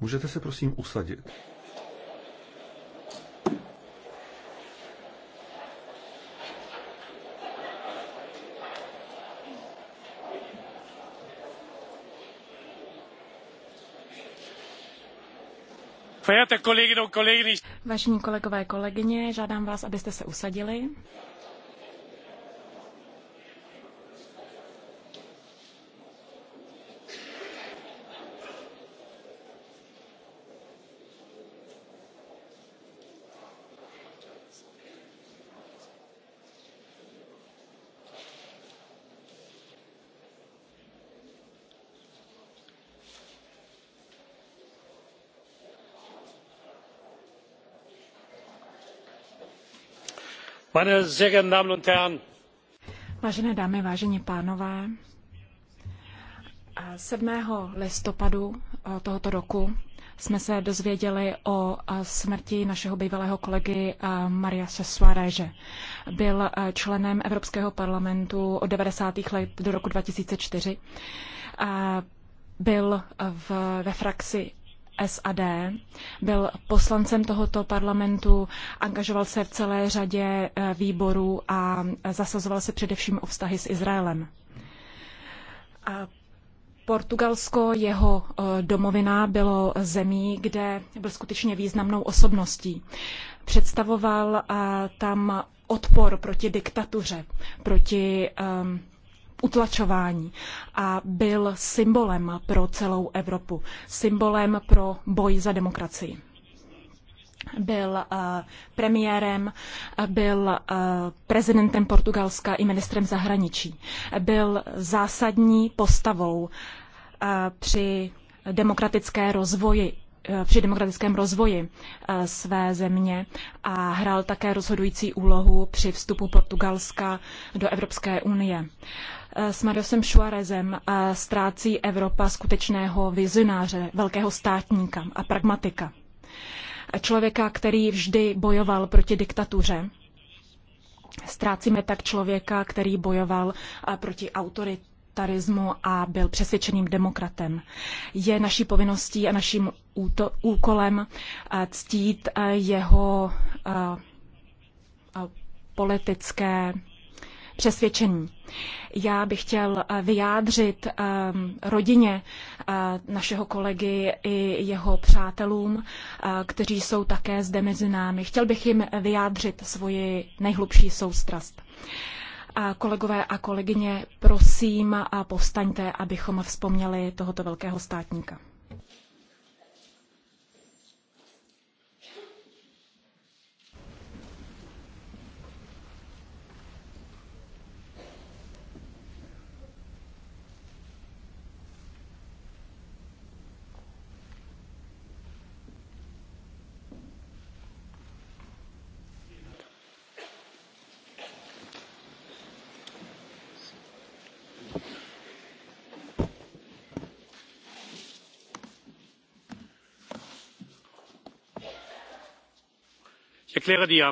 Můžete se prosím usadit? Vážení kolegové, kolegyně, žádám vás, abyste se usadili. vážené dámy vážení pánové 7. listopadu eh, tohoto roku jsme se dozvěděli o eh, smrti našeho bývalého kolegy eh, Maria Suáreze. Byl členem Evropského parlamentu od 90. let do roku 2004. Byl v, ve frakci SAD, byl poslancem tohoto parlamentu, angažoval se v celé řadě eh, výborů a zasazoval se především o vztahy s Izraelem. A Portugalsko, jeho eh, domovina, bylo zemí, kde byl skutečně významnou osobností. Představoval eh, tam odpor proti diktatuře, proti um, utlačování a byl symbolem pro celou Evropu, symbolem pro boj za demokracii. Byl uh, premiérem, byl uh, prezidentem Portugalska i ministrem zahraničí. Byl zásadní postavou uh, při demokratické rozvoji Eh, při demokratickém rozvoji eh, své země a hrál také rozhodující úlohu při vstupu Portugalska do Evropské unie. Eh, s Mariosem Suárezem ztrácí Evropa skutečného vizionáře, velkého státníka a pragmatika. Člověka, který vždy bojoval proti diktatuře. Ztrácíme tak člověka, který bojoval proti autoritě autoritarismu a byl přesvědčeným demokratem. Je naší povinností a naším úkolem eh, ctít eh, jeho eh, politické přesvědčení. Já bych chtěl vyjádřit rodině našeho kolegy i jeho přátelům, kteří jsou také zde mezi námi. Chtěl bych jim vyjádřit svoji nejhlubší soustrast. Kolegové a kolegyně, prosím a povstaňte, abychom vzpomněli tohoto velkého státníka. ich erkläre die.